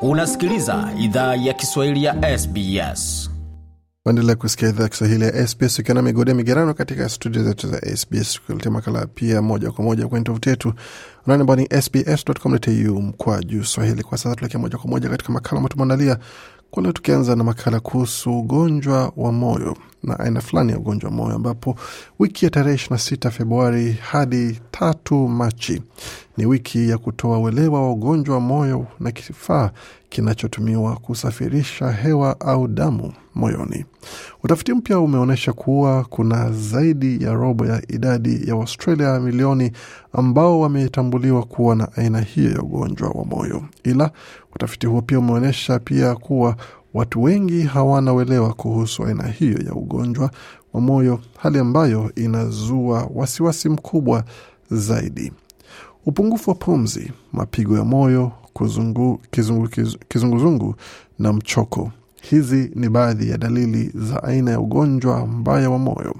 unasikiliza idhaa ya kiswahili ya sbs waendelea kusikia idhaa ya kiswahili ya SBS ukiwa na migode migerano katika studio zetu za SBS, kuletia makala pia moja kwa moja kwenye tovuti yetu unaani ambao ni sbs.com.au mkwa juu swahili. Kwa sasa tulekea moja kwa moja katika makala ambayo tumeandalia kwa leo tukianza na makala kuhusu ugonjwa wa moyo na aina fulani ya ugonjwa wa moyo, ambapo wiki ya tarehe 26 Februari hadi tatu Machi ni wiki ya kutoa uelewa wa ugonjwa wa moyo na kifaa kinachotumiwa kusafirisha hewa au damu moyoni. Utafiti mpya umeonyesha kuwa kuna zaidi ya robo ya idadi ya Waustralia milioni ambao wametambuliwa kuwa na aina hiyo ya ugonjwa wa moyo, ila utafiti huo pia umeonyesha pia kuwa watu wengi hawana uelewa kuhusu aina hiyo ya ugonjwa wa moyo, hali ambayo inazua wasiwasi mkubwa zaidi. Upungufu wa pumzi, mapigo ya moyo, kizunguzungu kizungu, kizungu na mchoko Hizi ni baadhi ya dalili za aina ya ugonjwa mbaya wa moyo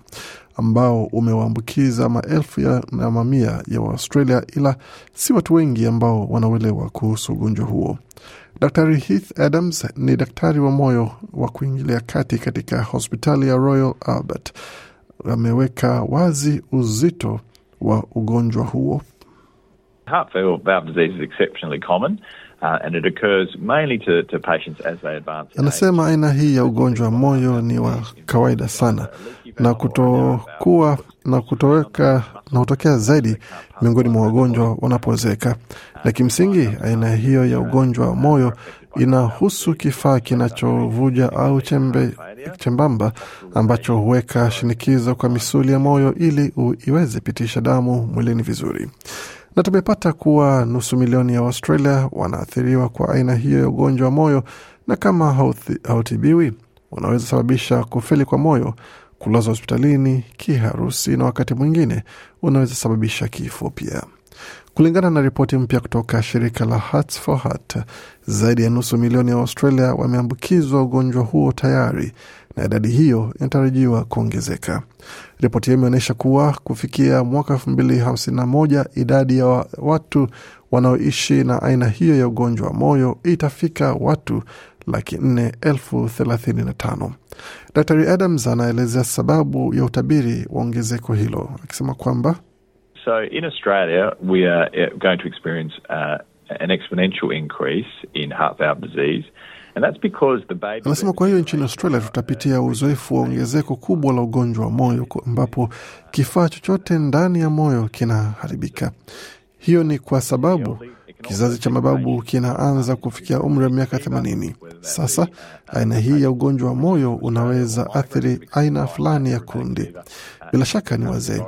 ambao umewaambukiza maelfu ya na mamia ya Waaustralia, ila si watu wengi ambao wanauelewa kuhusu ugonjwa huo. Daktari Heath Adams ni daktari wa moyo wa kuingilia kati katika hospitali ya Royal Albert. Ameweka wazi uzito wa ugonjwa huo. Heart valve disease is exceptionally common. Uh, Anasema aina hii ya ugonjwa wa moyo ni wa kawaida sana na kutokuwa na kutoweka na hutokea zaidi miongoni mwa wagonjwa wanapozeeka, na kimsingi aina hiyo ya ugonjwa wa moyo inahusu kifaa kinachovuja au chembe, chembamba ambacho huweka shinikizo kwa misuli ya moyo ili iweze pitisha damu mwilini vizuri na tumepata kuwa nusu milioni ya Australia wanaathiriwa kwa aina hiyo ya ugonjwa wa moyo, na kama hautibiwi unaweza sababisha kufeli kwa moyo, kulazwa hospitalini, kiharusi na wakati mwingine unaweza sababisha kifo pia. Kulingana na ripoti mpya kutoka shirika la Hearts for Heart, zaidi ya nusu milioni ya Australia wameambukizwa ugonjwa huo tayari na idadi hiyo inatarajiwa kuongezeka. Ripoti hiyo imeonyesha kuwa kufikia mwaka elfu mbili hamsini na moja idadi ya watu wanaoishi na aina hiyo ya ugonjwa wa moyo itafika watu laki nne elfu thelathini na tano. Daktari Adams anaelezea sababu ya utabiri wa ongezeko hilo akisema kwamba So in Australia, we are eh, going to experience uh, an exponential increase in heart valve disease Anasema kwa hiyo nchini Australia tutapitia uzoefu wa ongezeko kubwa la ugonjwa wa moyo, ambapo kifaa chochote ndani ya moyo kinaharibika. Hiyo ni kwa sababu kizazi cha mababu kinaanza kufikia umri wa miaka themanini. Sasa aina hii ya ugonjwa wa moyo unaweza athiri aina fulani ya kundi, bila shaka ni wazee.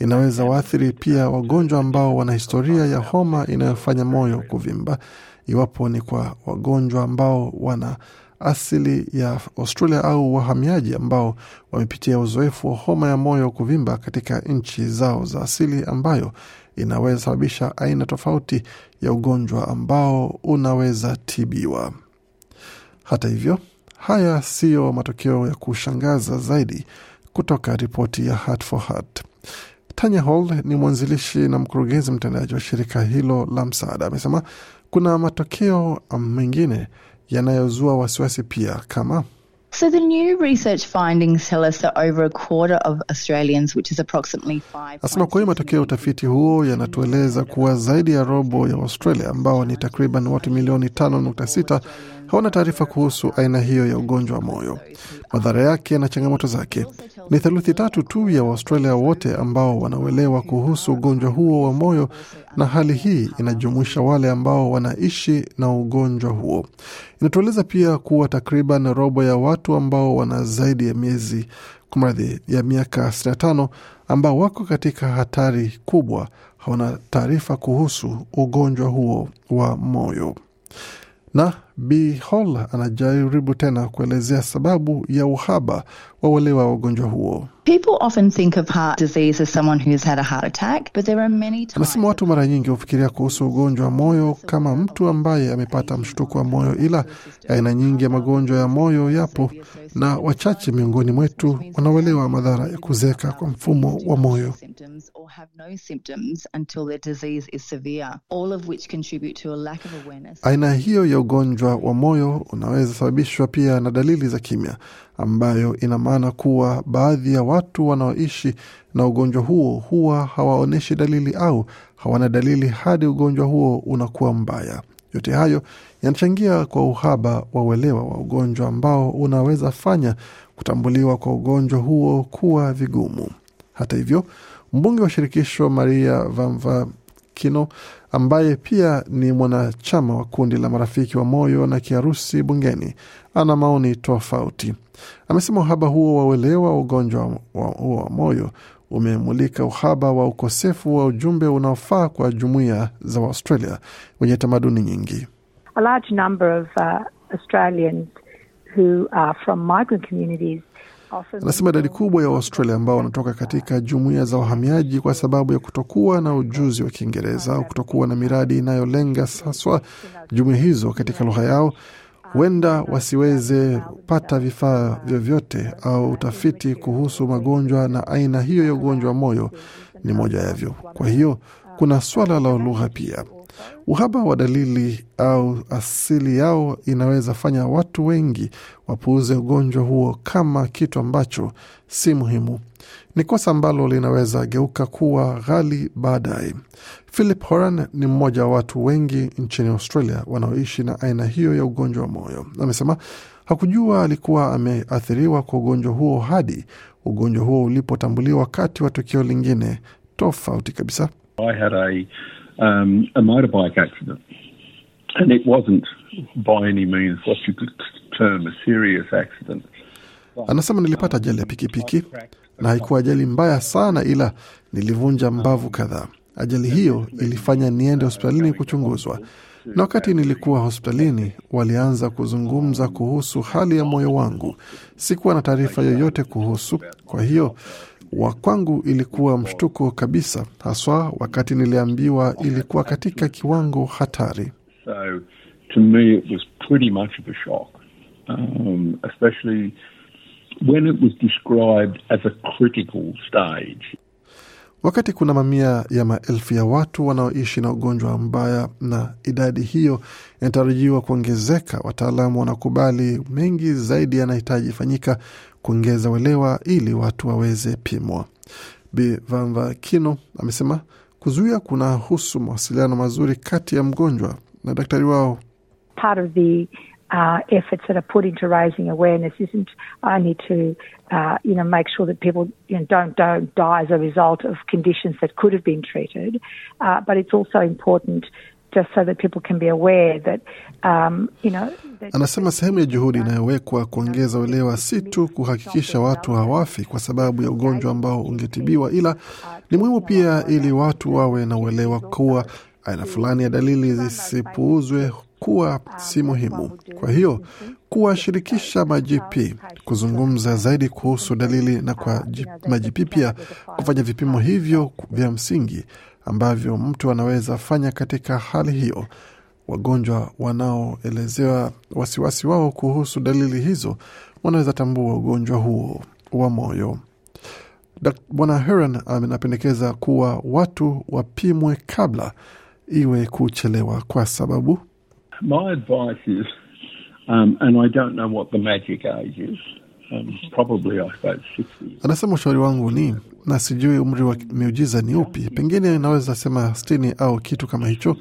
Inaweza waathiri pia wagonjwa ambao wana historia ya homa inayofanya moyo kuvimba iwapo ni kwa wagonjwa ambao wana asili ya Australia au wahamiaji ambao wamepitia uzoefu wa homa ya moyo kuvimba katika nchi zao za asili ambayo inaweza sababisha aina tofauti ya ugonjwa ambao unaweza tibiwa. Hata hivyo, haya siyo matokeo ya kushangaza zaidi kutoka ripoti ya Heart for Heart. Tanya Hall ni mwanzilishi na mkurugenzi mtendaji wa shirika hilo la msaada, amesema kuna matokeo mengine yanayozua wasiwasi pia kama So the new research findings tell us that over a quarter of Australians, which is approximately 5. kwa hiyo matokeo ya utafiti huo yanatueleza kuwa zaidi ya robo ya Australia ambao ni takriban watu milioni 5.6 hawana taarifa kuhusu aina hiyo ya ugonjwa wa moyo, madhara yake na changamoto zake. Ni theluthi tatu tu ya waustralia wote ambao wanauelewa kuhusu ugonjwa huo wa moyo, na hali hii inajumuisha wale ambao wanaishi na ugonjwa huo. Inatueleza pia kuwa takriban robo ya watu ambao wana zaidi ya miezi kumradhi, ya miaka 65 ambao wako katika hatari kubwa hawana taarifa kuhusu ugonjwa huo wa moyo na Bi Hall anajaribu tena kuelezea sababu ya uhaba wa uelewa wa ugonjwa huo. Anasema watu mara nyingi hufikiria kuhusu ugonjwa wa moyo kama mtu ambaye amepata mshtuko wa moyo, ila aina nyingi ya magonjwa ya moyo yapo na wachache miongoni mwetu wanaoelewa madhara ya kuzeeka kwa mfumo wa moyo. Aina hiyo ya ugonjwa wa moyo unaweza sababishwa pia na dalili za kimya, ambayo ina maana kuwa baadhi ya watu wanaoishi na ugonjwa huo huwa hawaonyeshi dalili au hawana dalili hadi ugonjwa huo unakuwa mbaya. Yote hayo yanachangia kwa uhaba wa uelewa wa ugonjwa ambao unaweza fanya kutambuliwa kwa ugonjwa huo kuwa vigumu. Hata hivyo, mbunge wa shirikisho Maria Vanva Kino ambaye pia ni mwanachama wa kundi la marafiki wa moyo na kiharusi bungeni ana maoni tofauti. Amesema uhaba huo wa uelewa wa ugonjwa huo wa moyo umemulika uhaba wa ukosefu wa ujumbe unaofaa kwa jumuiya za Waustralia wenye tamaduni nyingi. A large number of, uh, Australians who are from migrant communities Anasema idadi kubwa ya Waustralia ambao wanatoka katika jumuiya za wahamiaji kwa sababu ya kutokuwa na ujuzi wa Kiingereza au kutokuwa na miradi inayolenga haswa jumuiya hizo katika lugha yao huenda wasiweze pata vifaa vyovyote au utafiti kuhusu magonjwa, na aina hiyo ya ugonjwa moyo ni moja yavyo. Kwa hiyo kuna swala la lugha pia. Uhaba wa dalili au asili yao inaweza fanya watu wengi wapuuze ugonjwa huo kama kitu ambacho si muhimu ni kosa ambalo linaweza geuka kuwa ghali baadaye. Philip Horan ni mmoja wa watu wengi nchini Australia wanaoishi na aina hiyo ya ugonjwa wa moyo. Amesema hakujua alikuwa ameathiriwa kwa ugonjwa huo hadi ugonjwa huo ulipotambuliwa wakati wa tukio lingine tofauti kabisa. I had a, um, a motorbike accident and it wasn't by any means what you could term a serious accident. Anasema nilipata ajali ya pikipiki na haikuwa ajali mbaya sana, ila nilivunja mbavu kadhaa. Ajali hiyo ilifanya niende hospitalini kuchunguzwa, na wakati nilikuwa hospitalini walianza kuzungumza kuhusu hali ya moyo wangu. Sikuwa na taarifa yoyote kuhusu, kwa hiyo wa kwangu ilikuwa mshtuko kabisa, haswa wakati niliambiwa ilikuwa katika kiwango hatari. So, to me it was when it was described as a critical stage. Wakati kuna mamia ya maelfu ya watu wanaoishi na ugonjwa mbaya na idadi hiyo inatarajiwa kuongezeka, wataalamu wanakubali mengi zaidi yanahitaji fanyika kuongeza uelewa ili watu waweze pimwa. Bi Vanva Kino amesema kuzuia kunahusu mawasiliano mazuri kati ya mgonjwa na daktari wao. Part of the uh, efforts that are put into raising awareness isn't only to, uh, you know, make sure that people you know, don't, don't die as a result of conditions that could have been treated, uh, but it's also important just so that people can be aware that, um, you know, anasema sehemu ya juhudi inayowekwa kuongeza uelewa si tu kuhakikisha watu hawafi kwa sababu ya ugonjwa ambao ungetibiwa, ila ni muhimu pia ili watu wawe na uelewa kuwa aina fulani ya dalili zisipuuzwe kuwa si muhimu. Kwa hiyo kuwashirikisha majipi kuzungumza zaidi kuhusu dalili na kwa majipi pia kufanya vipimo hivyo vya msingi ambavyo mtu anaweza fanya katika hali hiyo. Wagonjwa wanaoelezewa wasiwasi wao kuhusu dalili hizo wanaweza tambua ugonjwa huo wa moyo. Bwana Heran anapendekeza kuwa watu wapimwe kabla iwe kuchelewa, kwa sababu my advice is, um, and I don't know what the magic age is. Um, probably I suppose 60. Anasema ushauri wangu ni na sijui umri wa miujiza ni upi, pengine naweza sema 60 au kitu kama hicho.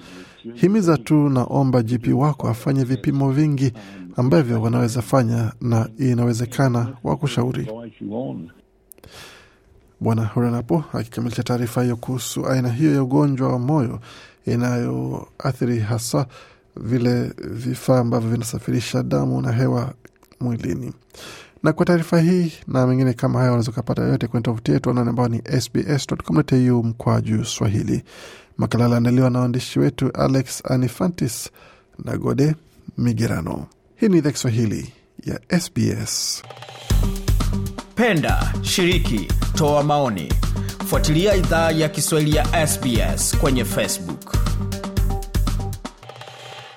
Himiza tu, naomba GP wako afanye vipimo vingi ambavyo wanaweza fanya na inawezekana kushauri. Bwana Horenapo akikamilisha taarifa hiyo kuhusu aina hiyo ya ugonjwa wa moyo inayoathiri hasa vile vifaa ambavyo vinasafirisha damu na hewa mwilini. Na kwa taarifa hii na mengine kama hayo unaweza ukapata yote kwenye tovuti yetu anaone ambao ni sbs.com.au mkwa juu Swahili. Makala aliandaliwa na waandishi wetu Alex Anifantis na Gode Migerano. Hii ni idhaa Kiswahili ya SBS. Penda, shiriki, toa maoni, fuatilia idhaa ya Kiswahili ya SBS kwenye Facebook.